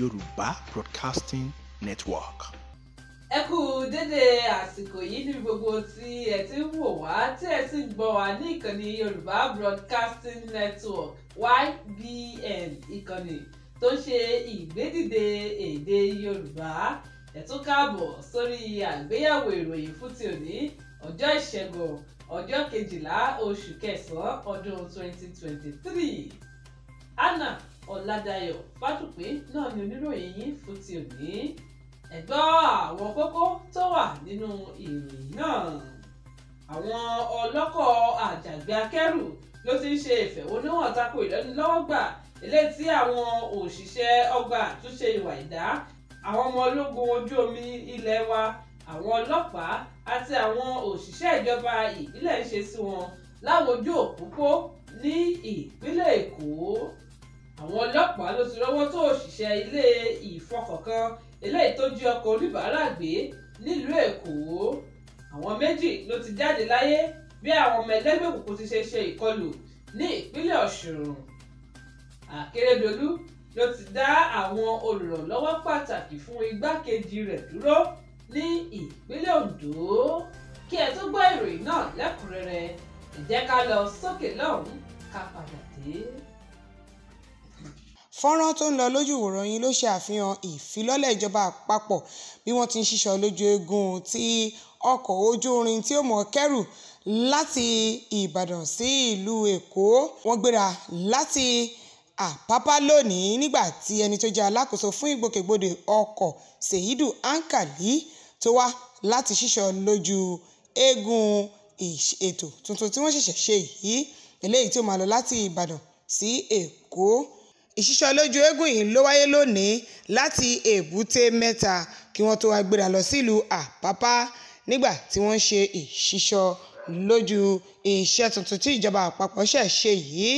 Yorùbá Broadcasting Network. ẹ kú dédé àsìkò yìí níbi gbogbo tí ẹ ti ń wò wá tí ẹ sì ń gbọ́ wá ní ìkànnì Yorùbá Broadcasting Network YBN ìkànnì tó ń ṣe ìgbédìde èdè Yorùbá ẹ tún káàbọ̀ sórí àgbéyẹ̀wò ìròyìn fún ti òní ọjọ́ ìṣẹ́gun ọjọ́ kejìlá oṣù kẹsàn ọdún twenty twenty three anna ọ̀làdàyọ̀ fátùpé náà ni oníròyìn yín fún ti òní ẹ gbọ́ àwọn kókó tó wà nínú ìròyìn náà àwọn ọlọ́kọ̀ àjàgbé akẹ́rù ló ti ń ṣe ìfẹ̀hónúhàn tako ìlọ́nilọ́wọ́gbà eléyìí tí àwọn òṣìṣẹ́ ọgbà àtúnṣe ìwà ìdá àwọn ọmọ ológun ojú omi ilé wa àwọn ọlọ́pàá àti àwọn òṣìṣẹ́ ìjọba ìbílẹ̀ ń ṣe sí wọn láwọn ojú òpópó ní ìpínlẹ̀ Èkó àwọn ọlọ́pàá ló ti rọ́wọ́ tó òṣìṣẹ́ ilé ìfọkànkan eléyìí tó jí ọkọ̀ oníbàárà gbé nílùú èkó àwọn méjì ló ti jáde láyé bí àwọn ọmọ ẹlẹ́gbẹ́ òkùnkùn ti ṣe ṣe ìkọlù ní ìpínlẹ̀ ọ̀ṣun àkérédolú ló ti dá àwọn olùrànlọ́wọ́ pàtàkì fún igbákejì rẹ̀ dúró ní ìpínlẹ̀ ondo kí ẹ tó gbọ́ ìròyìn náà lẹ́kùnrẹ́rẹ́ ẹ lọ sókè lọ́hùn ká padà dé fọ́nrán tó ń lọ lójú ìwòran yín ló ṣe àfihàn ìfilọ́lẹ̀ ìjọba àpapọ̀ bí wọ́n ti ń ṣiṣọ́ lójú eegun ti ọkọ̀ ojú irin tí ó mọ̀ kẹ́rù láti Ìbàdàn sí ìlú Èkó wọ́n gbéra láti Àpápá lónìí nígbà tí ẹni tó jẹ́ alákòóso fún ìgbòkègbodò ọkọ̀ Sèyídù Ankali tó wá láti ṣiṣọ́ lójú eegun ètò tuntun tí wọ́n ṣẹ̀ṣẹ̀ ṣe yìí eléyìí tí ó máa lọ láti Ìbàdàn sí Èkó ìṣísọlójú eégún yìí ló wáyé lónìí láti èbúté mẹ́ta kí wọ́n tó wá gbéra lọ sílùú àpápá nígbà tí wọ́n ń ṣe ìṣísọ lójú iṣẹ́ tuntun tí ìjọba àpapọ̀ ṣẹ̀ ṣe yìí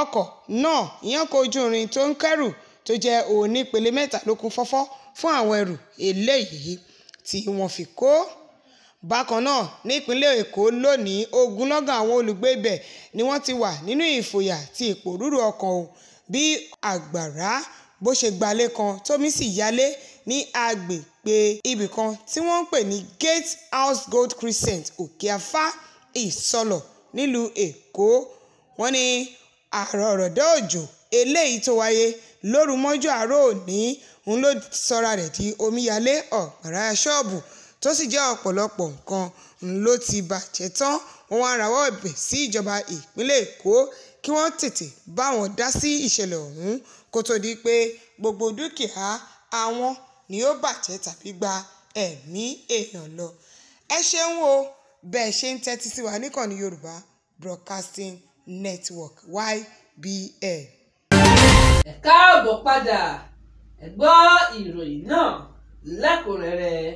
ọkọ̀ náà ìyẹn kó ojú irin tó ń kẹ́rù tó jẹ́ onípele mẹ́ta ló kún fọ́fọ́ fún àwọn ẹrù eléyìí tí wọ́n fi kó bákan náà nípínlẹ̀ èkó lónìí ogunlọ́gọ̀ àwọn olùgbé ibẹ̀ ni wọ́n ti wà nínú ìfòyà ti ìpòrúurú ọkàn bí àgbàrá bó ṣe gbalé kan tómi sì yálé ní agbègbè ibìkan tí wọ́n ń pè ní Gate House Gold Crescent Òkè-Afá Ìsọlọ̀ nílùú Èkó wọ́n ní àrọ̀rọ̀dọ̀ òjò eléyìí tó wáyé lóru mọ́jú àárọ̀ òní òun ló sọra rẹ̀ di omíyalé ọ̀gbàrá ṣọ́ọ̀bù tó sì jẹ́ ọ̀pọ̀lọpọ̀ nǹkan ló ti bàjẹ́ tán wọ́n wá rawọ́ ẹ̀bẹ̀ sí ìjọba ìpínlẹ̀ Èkó kí wọ́n tètè bá wọn dá sí ìṣẹ̀lẹ̀ ọ̀hún kó tó di pé gbogbo dúkìá àwọn ni ó bàjẹ́ tàbí gba ẹ̀mí èèyàn lọ. ẹ ṣeun o bẹ́ẹ̀ ṣe ń tẹ́tí sí wa níkànnì Yorùbá Broadcasting Network YBN. ẹ káàbọ̀ padà ẹ gbọ́ ìròyìn náà lẹ́kùnrẹ́rẹ́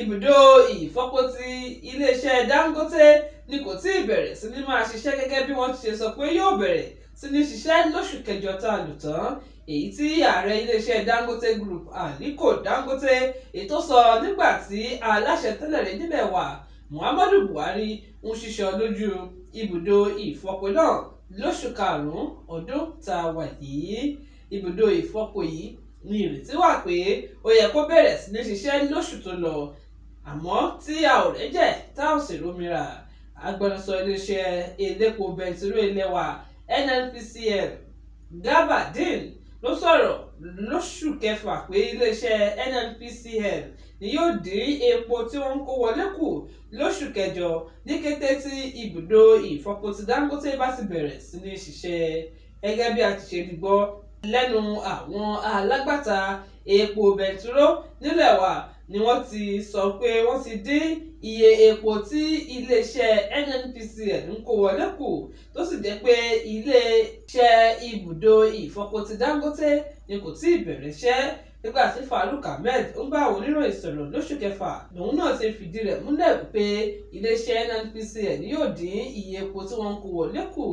ibùdó ìfọpo ti iléeṣẹ́ Dangote ni kò tíì bẹ̀rẹ̀ sí ní máa ṣiṣẹ́ gẹ́gẹ́ bí wọ́n ti ṣe sọ pé yóò bẹ̀rẹ̀ sí ní ṣiṣẹ́ lóṣù kẹjọ tá a lò tán èyí tí ààrẹ iléeṣẹ́ Dangote Group Aliko Dangote ètò sọ nígbà tí aláṣẹ tẹ́lẹ̀ rẹ̀ níbẹ̀ wà Muhammadu Buhari ń ṣiṣọ́ lójú ibùdó ìfọpo náà lóṣù karùn-ún ọdún tá a wà yìí ibùdó ìfọpo yìí ní ìrètí wà pé ó yẹ kó bẹ̀rẹ̀ sí ní ṣiṣẹ́ lóṣù tó lọ àmọ́ tí a ò rẹ́jẹ̀ tá ò sì rómi rà agbẹnusọ iléeṣẹ́ elépo bẹntiró ilé wa NNPCL Gabardine ló sọ̀rọ̀ lóṣù kẹfà pé iléeṣẹ́ NNPCL ni yóò dín epo tí wọ́n ń kó wọlé kù lóṣù kẹjọ ní kété tí ibùdó ìfọpo ti Dangote bá ti bẹ̀rẹ̀ sí ní ṣiṣẹ́ gẹ́gẹ́ bí a ti ṣe gbọ́ lẹ́nu àwọn alágbàtà epo bẹntiró nílẹ̀ wa ni wọ́n ti sọ pé wọ́n ti dín iye epo tí iléeṣẹ́ nnpcl ń kó wọlé kù tó sì jẹ́ pé iléeṣẹ́ ibùdó ìfọpo ti dangote ni kò tí ì bẹ̀rẹ̀ iṣẹ́ nígbà tí faruk ahmed ń bá àwọn oníròyìn sọ̀rọ̀ lóṣù kẹfà lòun náà ti fìdí rẹ̀ múlẹ̀ pé iléeṣẹ́ nnpcl yóò dín iye epo tí wọ́n ń kó wọlé kù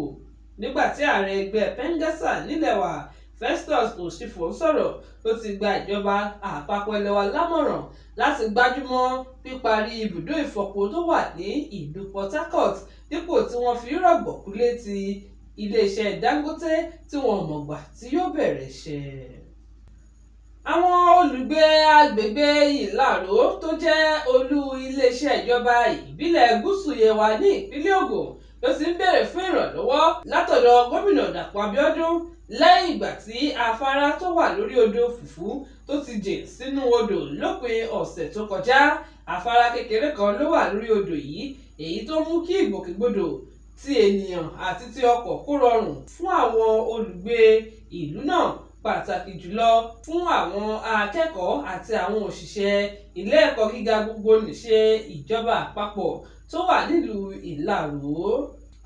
nígbà tí ààrẹ ẹgbẹ́ pengasa nílẹ̀ wà Festus Osifo sọ̀rọ̀ tó ti gba ìjọba àpapọ̀ ilẹ̀ wa lámọ̀ràn láti gbájúmọ́ píparí ibùdó ìfọpo tó wà ní ìlú Port Harcourt dípò tí wọ́n fi rọ̀gbọ̀kú lé ti iléeṣẹ́ Dangote tí wọn ò mọ̀gbà tí yóò bẹ̀rẹ̀ iṣẹ́. Àwọn olùgbé agbègbè Ìlaró tó jẹ́ olú iléeṣẹ́ ìjọba ìbílẹ̀ Gúúsù Yewa ní ìpínlẹ̀ Ògùn ló ti ń béèrè fún ìrànlọ́wọ́ látọ̀dọ̀ gómìnà dàpọ̀ abíọ́dún lẹ́yìn ìgbà tí afárá tó wà lórí odò fùfú tó ti jìn sínú odò lópin ọ̀sẹ̀ tó kọjá afárá kékeré kan ló wà lórí odò yìí èyí tó mú kí ìgbòkègbodò ti ènìyàn àti ti ọkọ̀ kó rọrùn fún àwọn olùgbé ìlú náà pàtàkì jùlọ fún àwọn akẹ́kọ̀ọ́ àti àwọn òṣìṣẹ́ ilé ẹ̀kọ́ gíga gbogbo nìṣe ìjọba àpapọ̀ tó wà nílùú ìlàró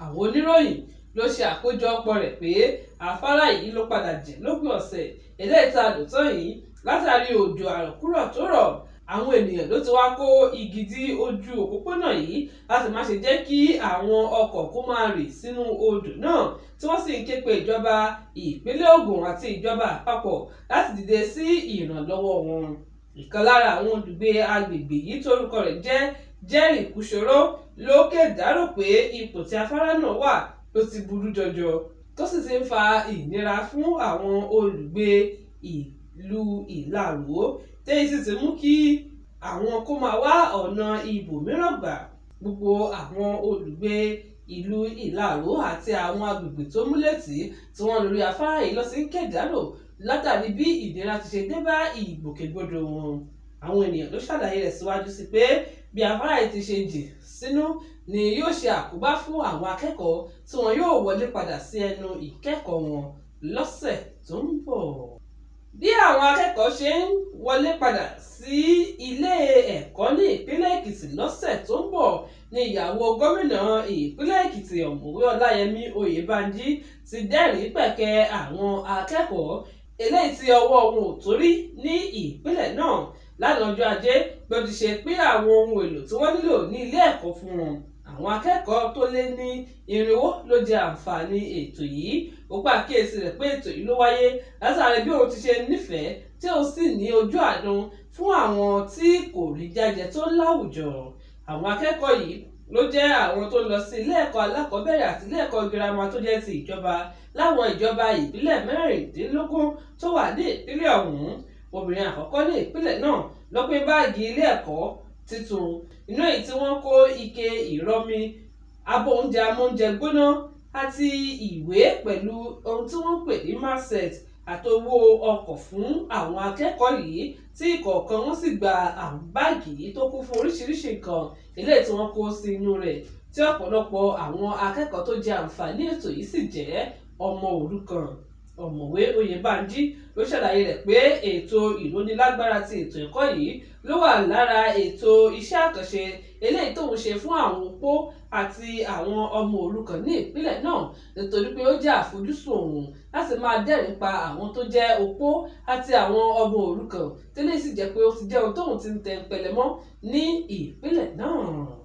àwọn oníròyìn ló ṣe àkójọpọ̀ rẹ̀ pé afárá yìí ló padà jẹ̀ lópin ọ̀sẹ̀ eléyìí tá yìí látàrí òjò àròkúrọ̀ tó rọ̀ àwọn ènìyàn ló ti wá kó igi dí ojú òpópónà yìí láti má ṣe jẹ́ kí àwọn ọkọ̀ kó máa rì sínú odò náà tí wọ́n sì ń ké ìjọba ìpínlẹ̀ Ògùn àti ìjọba àpapọ̀ láti dìde sí ìrànlọ́wọ́ wọn ìkan lára àwọn olùgbé agbègbè yìí torúkọ rẹ̀ jẹ́ Jenny Kushoro ló kẹ́dàárò pé ipò tí afárá náà wà ló ti burú jọjọ tó sì ti ń fa ìnira fún àwọn olùgbé ìlú Ìlaró téyí sì ti mú kí àwọn kó máa wá ọ̀nà ibòmíràn gbà gbogbo àwọn olùgbé ìlú Ìlaró àti àwọn agbègbè tó múlétì tí wọ́n lórí afárá yìí ló ti ń kẹ́dàárò látàrí bí ìnira ti ṣe dé bá ìgbòkègbodò wọn àwọn ènìyàn ló ṣàlàyé rẹ̀ síwájú sí pé bí afárá yìí ti ṣe jì sínú ni yóò ṣe àkóbá fún àwọn akẹ́kọ̀ọ́ tí wọn yóò wọlé padà sí ẹnu ìkẹ́kọ̀ọ́ wọn lọ́sẹ̀ tó ń bọ̀. bí àwọn akẹ́kọ̀ọ́ ṣe ń wọlé padà sí ilé ẹ̀kọ́ ní ìpínlẹ̀ èkìtì lọ́sẹ̀ tó ń bọ̀ ni ìyàwó gómìnà ìpínlẹ̀ èkìtì ọ̀mọ̀wé ọláyẹmí oyèbánjí ti dẹ́rìí pẹ̀kẹ́ àwọn akẹ́kọ̀ọ́ eléyìí tí ọwọ́ wọn ò torí ní ìpínlẹ̀ náà lánàá ọjọ́ ajé bí ó ti ṣe pín àwọn ohun èlò tí wọ́n nílò ní ilé ẹ̀kọ́ fún wọn àwọn akẹ́kọ̀ọ́ tó lé ní irinwó ló jẹ àǹfààní ètò yìí ó pàkíyèsí rẹ̀ pé ètò yìí ló wáyé látàrí bí òun ti ṣe nífẹ̀ẹ́ tí ó sì ní ojú àdùn fún àwọn tí kò rí jájẹ tó láwùjọ àwọn akẹ́kọ̀ọ́ yìí ló jẹ́ àwọn tó lọ sí ilé ẹ̀kọ́ alákọ̀ọ́bẹ̀rẹ̀ àti ilé ẹ̀kọ́ girama tó jẹ́ ti ìjọba láwọn ìjọba ìbílẹ̀ mẹ́rìndínlógún tó wà ní ìpínlẹ̀ ọ̀hún obìnrin àkọ́kọ́ ní ìpínlẹ̀ náà ló pín báàgì ilé ẹ̀kọ́ titun inú èyí tí wọ́n kó ike ìrọmi abọ́ oúnjẹ amóúnjẹ gbóná àti ìwé pẹ̀lú ohun tí wọ́n pè ní marset àtowó ọkọ̀ fún àwọn akẹ́kọ̀ọ́ yìí tí ìkọ̀ọ̀kan wọn sì gba àwọn báàgì yìí tó kún fún oríṣiríṣi nǹkan eléyìí tí wọ́n kó sí rẹ̀ tí ọ̀pọ̀lọpọ̀ àwọn akẹ́kọ̀ọ́ tó jẹ àǹfààní ètò yìí sì jẹ́ ọmọ òrukàn ọ̀mọ̀wé oyèbánjí ló ṣàlàyé rẹ̀ pé ètò ìrónilágbára ti ètò ẹ̀kọ́ yìí ló wà lára ètò iṣẹ́ àkànṣe eléyìí tóun ṣe fún àwọn opó àti àwọn ọmọ òrukàn ní ìpínlẹ̀ náà nítorí pé ó jẹ́ àfojúsùn òun láti máa dẹ́rìn pa àwọn tó jẹ́ opó àti àwọn ọmọ òrukàn tẹ́lẹ̀ sì jẹ́ pé ó ti jẹ́ ohun tóun ti ń tẹ pẹlẹmọ́ ní ìpínlẹ̀ náà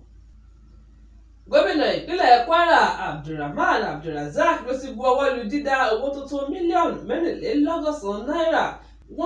gómìnà ìpínlẹ̀ kwara abdulrahman abdulrasaq ló ti bu ọwọ́ lu dídá owó tó mílíọ̀nù mẹ́rìnlélọ́gọ́sàn náírà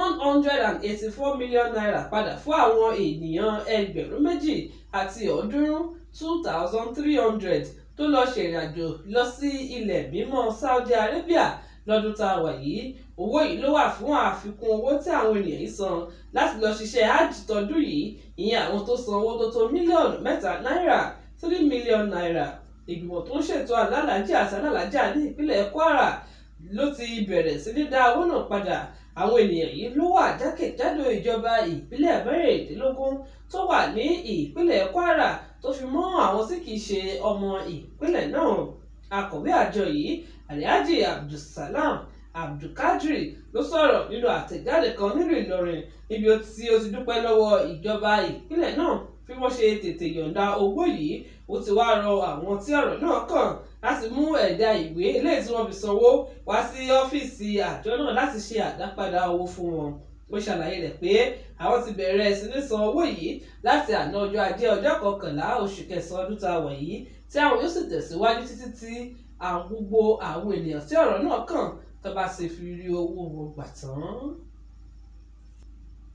one hundred and eighty-four million naira padà fún àwọn ènìyàn ẹgbẹ̀rún méjì àti ọ̀ọ́dúnrún two thousand three hundred tó lọ ṣèrìnàjò lọ sí ilẹ̀ mímọ́ saudi arabia lọ́dún tá a wà yìí owó yìí ló wà fún àfikún owó tí àwọn ènìyàn yìí san láti lọ ṣiṣẹ́ hajj tọdún yìí ìyẹn àwọn tó san owó tó tó mílíọ̀nù mẹ́ta náírà three million naira ìgbìmọ̀ tó ń ṣètò alálàájì àti alálàájá ní ìpínlẹ̀ kwara ló ti bẹ̀rẹ̀ sí ní dá owó náà padà àwọn ènìyàn yìí ló wà jákèjádò ìjọba ìbílẹ̀ mẹ́rìndínlógún tó wà ní ìpínlẹ̀ kwara tó fi mọ́ àwọn tí kì í ṣe ọmọ ìpínlẹ̀ náà akọ̀wé àjọ yìí alhaji abdulsalam abdulkadri ló sọ̀rọ̀ nínú àtẹ̀jáde kan nílùú ìlọrin níbi tí ó ti dúpẹ́ lọ́wọ́ ìjọba ìpínlẹ̀ náà bí wọ́n ṣe tètè yọ̀ǹda owó yìí ó ti wá rọ àwọn tí ọ̀rọ̀ náà kàn láti mú ẹ̀dà ìwé eléyìí tí wọ́n fi sanwó wá sí ọ́fíìsì àjọ náà láti ṣe àdápadà owó fún wọn ó ṣàlàyé rẹ̀ pé àwọn ti bẹ̀rẹ̀ sí ní san owó yìí láti àná ọjọ́ ajé ọjọ́ kọkànlá oṣù kẹsàn-án ọdún tá a wà yìí tí àwọn yóò sì tẹ̀síwájú títí tí àwọn gbogbo àwọn ènìyàn tí ọ̀rọ̀ náà kàn tó bá ṣe fi rí owó wọn gbà tán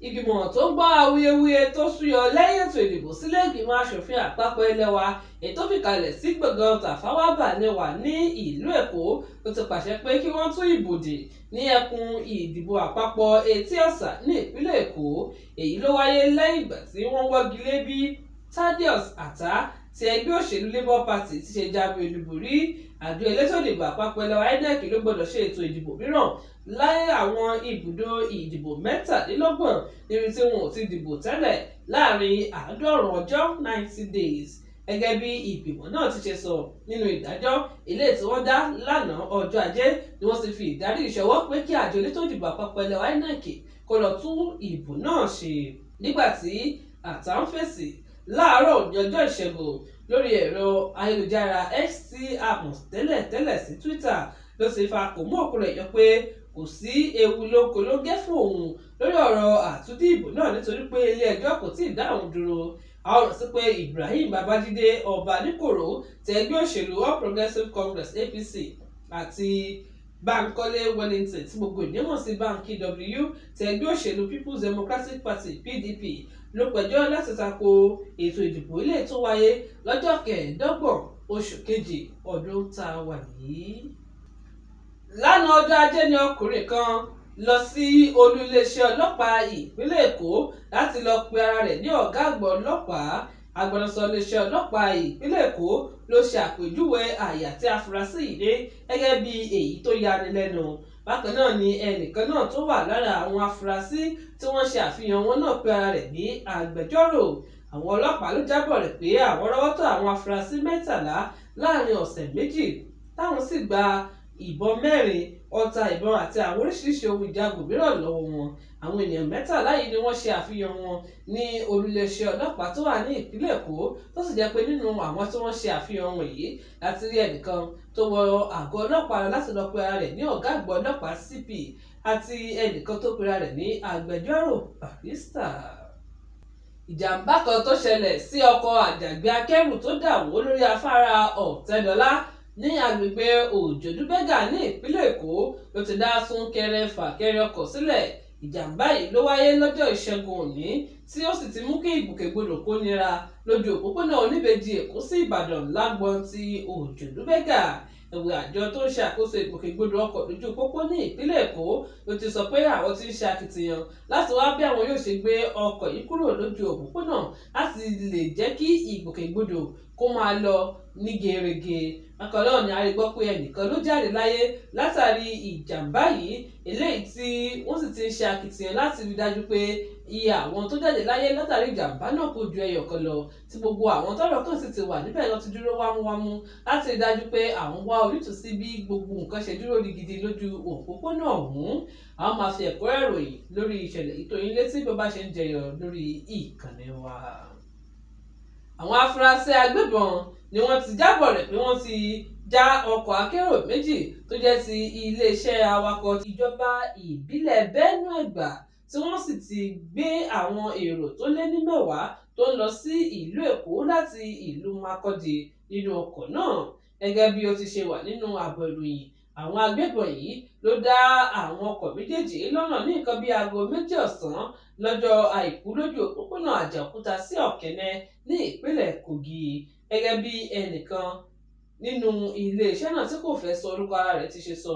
ìgbìmọ̀ tó ń gbọ́ awuyewuye tó súyọ lẹ́yìn ètò ìdìbò sílé ìgbìmọ̀ asòfin àpapọ̀ ilẹ̀ wa ètò fìkalẹ̀ sí gbọ̀ngàn Tafawa Balewa ní ìlú Èkó tó ti pàṣẹ pé kí wọ́n tún ìbòdè ní ẹkùn ìdìbò àpapọ̀ Etí Ọ̀sà ní ìpínlẹ̀ Èkó èyí ló wáyé lẹ́yìn ìgbà tí wọ́n wọ́gi bí Thaddeus Ata tí ẹgbẹ́ òṣèlú labour party ti ṣe jáwé olúborí àjọ elétò ìdìbò àpapọ̀ ẹlẹ́wà inec ló gbọ́dọ̀ ṣe ètò ìdìbò mìíràn láyé àwọn ibùdó ìdìbò mẹ́tàdínlọ́gbọ̀n níbi tí wọn ò ti dìbò tẹ́lẹ̀ láàrin àádọ́rùn ọjọ́ ninety days gẹ́gẹ́ bí ìgbìmọ̀ náà ti ṣe sọ nínú ìdájọ́ ilé tí wọ́n dá lánàá ọjọ́ ajé ni wọ́n ti fi ìdarí ìṣọwọ́ pé kí àjọ elétò ìdìbò àpapọ̀ ẹlẹ́wà inec kó lọ tún ìbò náà ṣe nígbà tí àtà ń fèsì láàárọ̀ òní ọjọ́ ìṣẹ́gun lórí ẹ̀rọ ayélujára x tí a mọ̀ tẹ́lẹ̀ tẹ́lẹ̀ sí Twitter ló ti fa kò mú òkú rẹ̀ yọ pé kò sí ewu lóko ló gẹ́ fún òun lórí ọ̀rọ̀ àtúndì ìbò náà nítorí pé ilé ẹjọ́ kò tí ì dá òun dúró a ó rántí pé Ibrahim Babajide ọba nìkòrò tẹ ẹgbẹ́ òṣèlú All Progressives Congress APC àti Bankole Wellington tí gbogbo ìdíwọ̀n sí Banky W tẹ ẹgbẹ́ òṣèlú People's Democratic Party PDP ló pẹjọ́ láti tako ètò ìdìbò ilé tó wáyé lọ́jọ́ kẹẹ̀ẹ́dọ́gbọ̀n oṣù kejì ọdún tá a wà yìí. lánàá ọjọ́ ajé ni ọkùnrin kan lọ sí olú iléeṣẹ́ ọlọ́pàá ìpínlẹ̀ èkó láti lọ pe ara rẹ̀ ní ọ̀gá àgbà ọlọ́pàá agbẹnusọ iléeṣẹ́ ọlọ́pàá ìpínlẹ̀ èkó ló ṣe àpèjúwe àyà tí afurasí yìí dé gẹ́gẹ́ bí èyí tó yani lẹ́nu bákan náà ni ẹnìkan náà tó wà lára àwọn afurasí tí wọ́n ṣe àfihàn wọn náà pe ara rẹ̀ ní agbẹjọ́rò àwọn ọlọ́pàá ló jábọ̀ rẹ̀ pé àwọn rọ́wọ́ tó àwọn afurasí mẹ́tàlá láàrin ọ̀sẹ̀ méjì táwọn sì gba ìbọn mẹ́rin ọta ìbọn àti àwọn oríṣiríṣi ohun ìjagun mìíràn lọ́wọ́ wọn àwọn ènìyàn mẹ́tàlá yìí ni wọ́n ṣe àfihàn wọn ní olùléeṣẹ́ ọlọ́pàá tó wà ní ìpínlẹ̀ èkó tó sì jẹ́ pé nínú àwọn tí wọ́n ṣe àfihàn wọn yìí láti rí ẹnìkan tó wọ àgọ́ ọlọ́pàá láti lọ pera rẹ̀ ní ọ̀gá àgbọ̀ ọlọ́pàá cp àti ẹnìkan tó pera rẹ̀ ní agbẹjọ́rò barrister ìjàmbá kan tó ṣẹlẹ̀ sí ọkọ̀ àjàgbé akẹ́rù tó dà wó lórí afárá ọ̀tẹ́dọ́lá ní agbègbè òjòdúbẹ́gà ní ìpínlẹ̀ èkó ló ti dá súnkẹrẹ fàkẹrẹ ọkọ̀ sílẹ̀ ìjàmbá yìí ló wáyé lọ́jọ́ ìṣẹ́gun òní tí ó sì ti mú kí ìgbòkègbodò kó nira lójú òpópónà oníbejì èkó sí ìbàdàn lágbọn ti òjòdúbẹ́gà ẹ̀wẹ̀ àjọ tó ń ṣe àkóso ìgbòkègbodò ọkọ̀ lójú pópó ní ìpínlẹ̀ èkó ló ti sọ pé àwọn ti ń ṣe akitiyan láti wá bí àwọn yóò ṣe gbé ọkọ̀ yìí kúrò lójú òpópónà láti lè jẹ́ kí ìgbòkègbodò kó máa lọ ní gerege bákan náà ni a rí gbọ́ pé ẹnìkan ló jáde láyé látàrí ìjàmbá yìí eléyìí tí wọ́n sì ti ń ṣe akitiyan láti rí dájú pé iye àwọn tó jáde láyé látàrí ìjàmbá náà kò ju ẹyọ kan lọ tí gbogbo àwọn tọ́rọ̀ kàn sì ti wà níbẹ̀ lọ ti dúró wámúwámú láti rí dájú pé àwọn wá ojútùú sí bí gbogbo nǹkan ṣe dúró rigidi lójú òpópónà ọ̀hún àwọn máa fi ẹ̀kúnrẹ́ ìròyìn lórí ìṣẹ̀lẹ̀ ìtòyìn létí bí ó bá ṣe ń jẹyọ lórí ìkànnì wa. àwọn afurasí agbébọn ni wọ́n ti jábọ̀ rẹ̀ ni wọ́n ti já ọkọ̀ akérò méjì tó jẹ́ ti iléeṣẹ́ awakọ̀ ìjọba ìbílẹ̀ Benue gbà tí wọ́n sì ti gbé àwọn èrò tó lé ní mẹ́wàá tó ń lọ sí ìlú Èkó láti ìlú Makurdi nínú ọkọ̀ náà gẹ́gẹ́ bí ó ti ṣe wà nínú àbọ̀ ìròyìn àwọn agbébọn yìí ló dá àwọn ọkọ̀ méjèèjì lọ́nà ní nǹkan bíi aago méjì ọ̀sán lọ́jọ́ àìkú lójú òpópónà àjàòkúta sí ọ̀kẹ́nẹ́ ní ìpínlẹ̀ Kogi gẹ́gẹ́ bí ẹnìkan nínú iléeṣẹ́ náà tí kò fẹ́ sọ orúkọ ara rẹ̀ ti ṣe sọ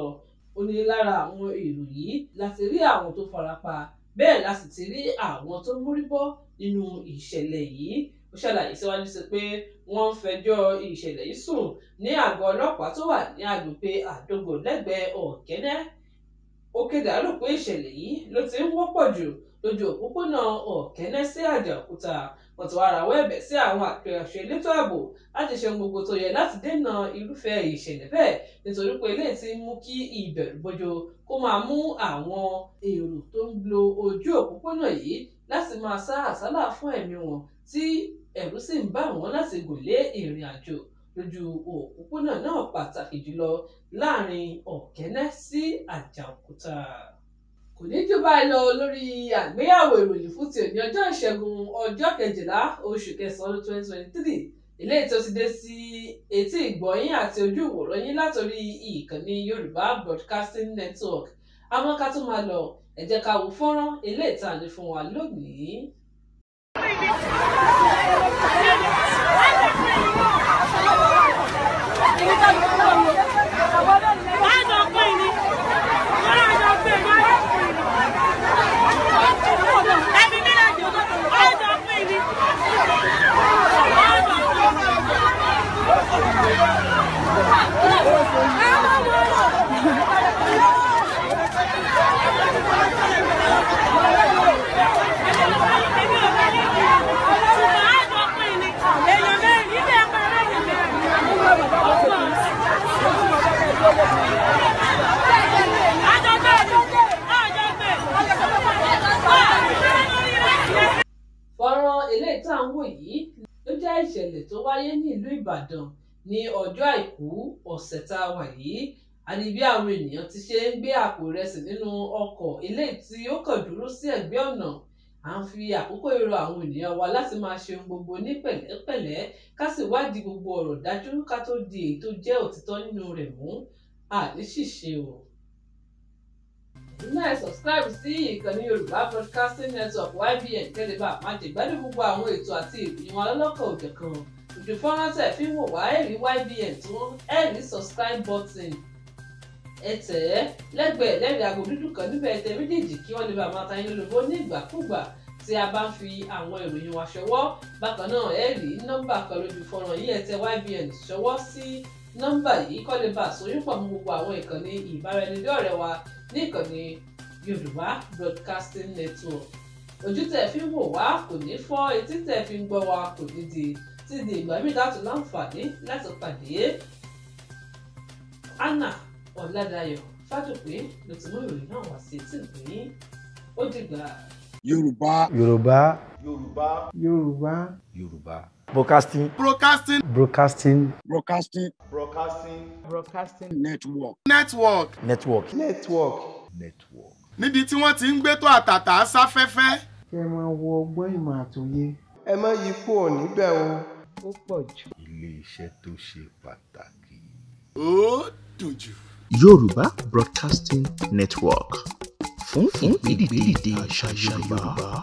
ó ní lára àwọn èrò yìí láti rí àwọn tó farapa bẹ́ẹ̀ la sì ti rí àwọn tó mórí bọ́ nínú ìṣẹ̀lẹ̀ yìí ó ṣàlàyé síwájú sí pé wọ́n ń fẹjọ́ ìṣẹ̀lẹ̀ yìí sùn ní àgọ́ ọlọ́pàá tó wà ní agbègbè àdógò lẹ́gbẹ̀ẹ́ ọ̀kẹ́nẹ́ ó kéde àárò pé ìṣẹ̀lẹ̀ yìí ló ti ń wọ́pọ̀ jù lójú òpópónà ọ̀kẹ́nẹ́ sí àjàòkúta wọ́n ti wá rawọ́ ẹ̀bẹ̀ sí àwọn àpẹẹrẹ elétò ààbò láti ṣe gbogbo tó yẹ láti dènà irúfẹ́ ìṣẹ̀lẹ̀ bẹ́ẹ̀ nítorí pé eléyìí ti mú kí ìbẹ̀rùbojo kó máa mú àwọn èrò tó ń lo ojú òpópónà yìí láti máa sá àsálà fún ẹ̀mí wọn tí ẹ̀rù sì ń bá wọn láti gùn lé ìrìn àjò lójú òpópónà náà pàtàkì jùlọ láàrin ọ̀kẹ́nẹ́ sí àjàòkúta kò ní jù báyìí lọ lórí àgbéyàwó ìròyìn fún ti òní ọjọ́ ìṣẹ́gun ọjọ́ kejìlá oṣù kẹsàn-án twenty twenty three eléyìí tó ti dé sí etí ìgbọ̀nyín àti ojú ìwòran yín látòrí ìkànnì Yorùbá Broadcasting Network àmọ́ ká tó máa lọ ẹ jẹ́ ká wo fọ́nrán eléyìí tá a ní fún wa lónìí. ní ọjọ́ àìkú ọ̀sẹ̀ tá a wà yìí a ní bí àwọn ènìyàn ti ṣe ń gbé àpò ìrẹsì nínú ọkọ̀ eléyìí tí ó kàn dúró sí ẹ̀gbẹ́ ọ̀nà à ń fi àkókò ìrọ̀ àwọn ènìyàn wa láti máa ṣe ohun gbogbo ní pẹ̀lẹ́pẹ̀lẹ́ ká sì wádìí gbogbo ọ̀rọ̀ dájú ká tó di èyí tó jẹ́ òtítọ́ nínú rẹ̀ mú àníṣìṣe o. Ìmọ̀ ẹ̀ subscribe sí ìkànnì Yorùbá Broadcasting Network YBN kẹ́lẹ́ bá máa jẹ̀gbádùn gbogbo àwọn ètò àti ìròyìn wọn lọ́lọ́kọ̀ òjọ̀kan ìfìfọ́nránṣẹ́ fi wò wá ẹ̀rí ybn tí wọ́n ẹ̀rí subscribe button ẹ tẹ̀ ẹ́ lẹ́gbẹ̀ẹ́ lẹ́rìí aago dúdú kan níbẹ̀ tẹ méjèèjì kí wọ́n lè bá máa ta yín lólobó ní ìgbàkúgbà tí a bá ń fi àwọn ìròyìn wa ṣọwọ́ bákan náà ẹ rí nọ́mbà kan lójú fọ́nrán yìí ẹ tẹ ybn ṣọwọ́ sí nọ́mbà yìí kọ́ lè bá àsọyún pọ̀ mú gbogbo àwọn ìkànnì ìbáraẹnidọ́rẹ̀ẹ́ wa ní ìkànnì yorùbá broadcasting network ojú tẹ̀ fi ń wò wá kò ní fọ́ etí tẹ̀ fi ń gbọ́ wa kò ní di ti di ìgbà míì láti láǹfààní láti pàdé anna ọ̀làdàyọ̀ fàtòpé ló ti mú ìròyìn náà wá sí etí ìgbín ó dìgbà. yorùbá yorùbá yorùbá yorùbá yorùbá. Broadcasting. Broadcasting. Broadcasting. Broadcasting. Broadcasting. Broadcasting. Network. Network. Network. Network. Network. Níbi tí wọ́n ti ń gbé tó àtàtà sáfẹ́fẹ́. Kẹ́ ẹ máa wo ọgbọ́n ìmọ̀ àtòyé. Ẹ má yí kúrò níbẹ̀ o ó pọ̀ jù. iléeṣẹ́ tó ṣe pàtàkì. ó dùn jù. Yorùbá Broadcasting Network fún ìgbédìde àṣà Yorùbá.